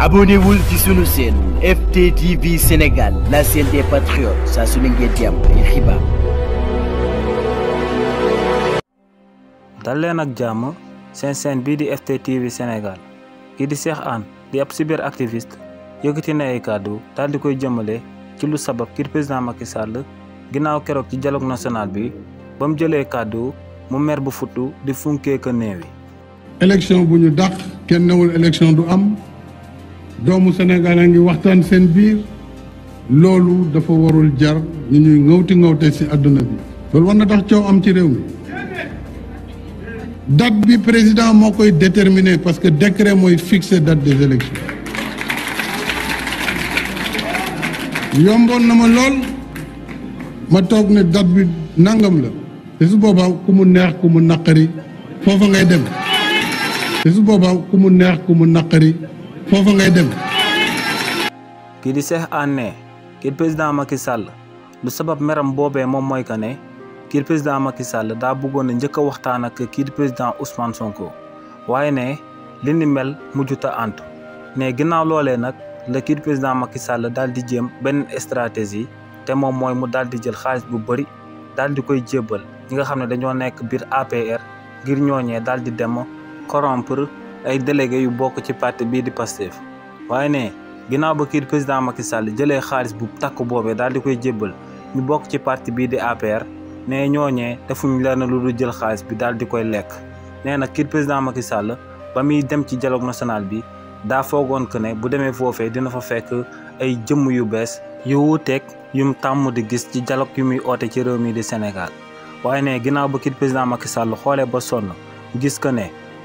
abonnez-vous sur notre chaîne FTTV Sénégal la chaîne des patriotes Ça, su ne ngeen di am ay xibaar. dal leen ak jàmm chaîne bii FTTV Sénégal kii di Cheikh Anne di ab cyber activiste yëkkati na ay kàddu daal di koy jëmale ci lu sabab kii président Macky Sall ginaaw kérok ci dialogue national bi bam jëlé jëlee mu mer bu futtu di funké ka néwi élection bu ñu dàq kenn néwul élection du am. doomu Sénégal a ngi waxtaan seen biir loolu dafa warul jar ñu ñuy ŋawti ŋawte ci àdduna bi loolu war na tax coow am ci réew mi date bi président moo koy déterminer parce que décret mooy fixe dat des élections yomboon na ma lool ma toog ne date bi nangam la te su boobaa ku mu neex ku mu naqari foofa ngay dem te su boobaa ku mu neex ku mu naqari foofa ngay dem. kii di Cheikh Anne ne kii président Macky sàll lu sabab meram boobee moom mooy que ne kii président Macky Sall daa bëggoon a njëkk a waxtaan ak kii président Ousmane Sonko waaye ne li ni mel mujjut a antu ne ginnaaw loole nag la kii di président Macky Sall daal di jëm benn stratégie te moom mooy mu daal di jël xaalis bu bari daal di koy jébbal ñi nga xam ne dañoo nekk biir APR ngir ñooñee daal di dem corrompre. ay délégué yu bokk ci parti bii di Pastef waaye ne ginnaaw ba kii président Macky Sall jëlee xaalis bu takk boobee daal di koy jébbal ñu bokk ci parti bii di APR ne ñooñee defuñ lenn lu dul jël xaalis bi daal di koy lekk nee na kii président Macky Sall ba muy dem ci dialogue national bi daa foogoon que ne bu demee foofee dina fa fekk ay jëmm yu bees yu wuuteeg yum tàmm di gis ci dialogue yu muy oote ci réew mii di Sénégal waaye ne ginnaaw ba kii président